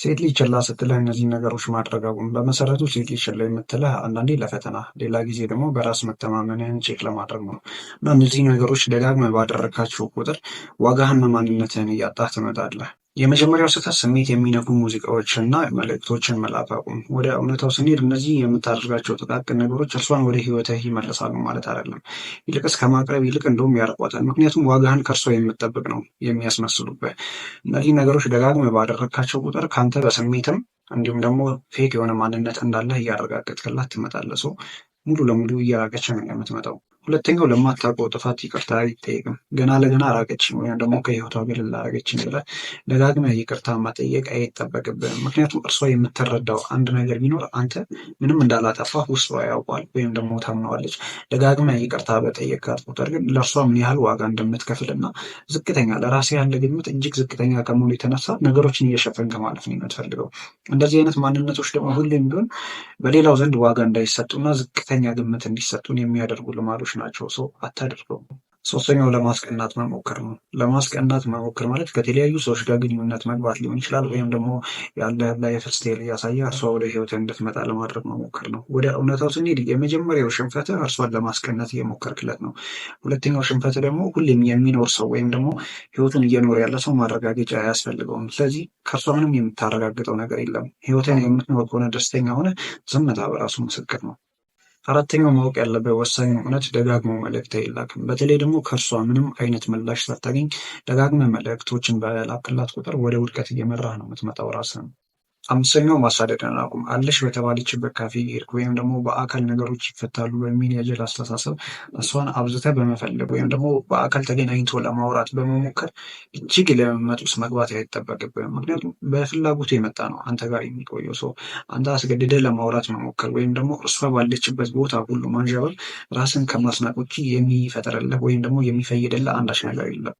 ሴት ልጅ ችላ ስትልህ እነዚህ ነገሮች ማድረግ በመሰረቱ ሴት ልጅ ችላ የምትልህ አንዳንዴ ለፈተና፣ ሌላ ጊዜ ደግሞ በራስ መተማመንህን ቼክ ለማድረግ ነው እና እነዚህ ነገሮች ደጋግመህ ባደረካቸው ቁጥር ዋጋህን ማንነትህን እያጣህ ትመጣለህ። የመጀመሪያው ስህተት ስሜት የሚነኩ ሙዚቃዎችንና መልእክቶችን መላክ አቁም። ወደ እውነታው ስንሄድ እነዚህ የምታደርጋቸው ጥቃቅን ነገሮች እርሷን ወደ ህይወትህ ይመልሳሉ ማለት አይደለም። ይልቅስ ከማቅረብ ይልቅ እንደውም ያርቋታል። ምክንያቱም ዋጋህን ከእርሷ የምጠብቅ ነው የሚያስመስሉበት እነዚህ ነገሮች ደጋግመ ባደረግካቸው ቁጥር ከአንተ በስሜትም እንዲሁም ደግሞ ፌክ የሆነ ማንነት እንዳለህ እያረጋገጥክላት ትመጣለህ። ሰው ሙሉ ለሙሉ እየራቀች ነው የምትመጣው። ሁለተኛው ለማታውቀው ጥፋት ይቅርታ አይጠየቅም። ገና ለገና ራቀችኝ ወይም ደግሞ ከህይወቷ ገለል ላረገችኝ ብለህ ደጋግመህ ይቅርታ መጠየቅ አይጠበቅብህም። ምክንያቱም እርሷ የምትረዳው አንድ ነገር ቢኖር አንተ ምንም እንዳላጠፋህ ውስጧ ያውቋል ወይም ደግሞ ታምነዋለች። ደጋግመህ ይቅርታ በጠየቅካት ቁጥር ግን ለእርሷ ምን ያህል ዋጋ እንደምትከፍል እንደምትከፍልና ዝቅተኛ ለራሴ ያለ ግምት እጅግ ዝቅተኛ ከመሆኑ የተነሳ ነገሮችን እየሸፈንክ ማለፍ ነው የምትፈልገው። እንደዚህ አይነት ማንነቶች ደግሞ ሁሌም ቢሆን በሌላው ዘንድ ዋጋ እንዳይሰጡና ዝቅተኛ ግምት እንዲሰጡን የሚያደርጉ ልማዶች ነገሮች ናቸው። ሰው አታደርገውም። ሶስተኛው ለማስቀናት መሞከር ነው። ለማስቀናት መሞከር ማለት ከተለያዩ ሰዎች ጋር ግንኙነት መግባት ሊሆን ይችላል፣ ወይም ደግሞ ያለ ላይፍ ስታይል እያሳየ እርሷ ወደ ህይወት እንድትመጣ ለማድረግ መሞከር ነው። ወደ እውነታው ስንሄድ የመጀመሪያው ሽንፈት እርሷን ለማስቀናት እየሞከርክለት ነው። ሁለተኛው ሽንፈት ደግሞ ሁሌም የሚኖር ሰው ወይም ደግሞ ህይወቱን እየኖር ያለ ሰው ማረጋገጫ አያስፈልገውም። ስለዚህ ከእርሷ ምንም የምታረጋግጠው ነገር የለም። ህይወትን የምትኖር ከሆነ ደስተኛ ሆነ፣ ዝምታ በራሱ ምስክር ነው። አራተኛው ማወቅ ያለበት ወሳኝ እውነት ደጋግሞ መልእክት አይላክም። በተለይ ደግሞ ከእርሷ ምንም አይነት ምላሽ ሳታገኝ ደጋግመ መልእክቶችን በላክላት ቁጥር ወደ ውድቀት እየመራህ ነው የምትመጣው ራስህን። አምስተኛው ማሳደድን አቁም አለሽ በተባለችበት ካፌ ሄድክ ወይም ደግሞ በአካል ነገሮች ይፈታሉ በሚል የጀል አስተሳሰብ እሷን አብዝተ በመፈለግ ወይም ደግሞ በአካል ተገናኝቶ ለማውራት በመሞከር እጅግ ለመመጥ ውስጥ መግባት አይጠበቅብህም። ምክንያቱም በፍላጎቱ የመጣ ነው አንተ ጋር የሚቆየው ሰው። አንተ አስገድደ ለማውራት መሞከር ወይም ደግሞ እርሷ ባለችበት ቦታ ሁሉ ማንዣበር ራስን ከማስናቅ ውጪ የሚፈጠርልህ ወይም ደግሞ የሚፈይድልህ አንዳች ነገር የለም።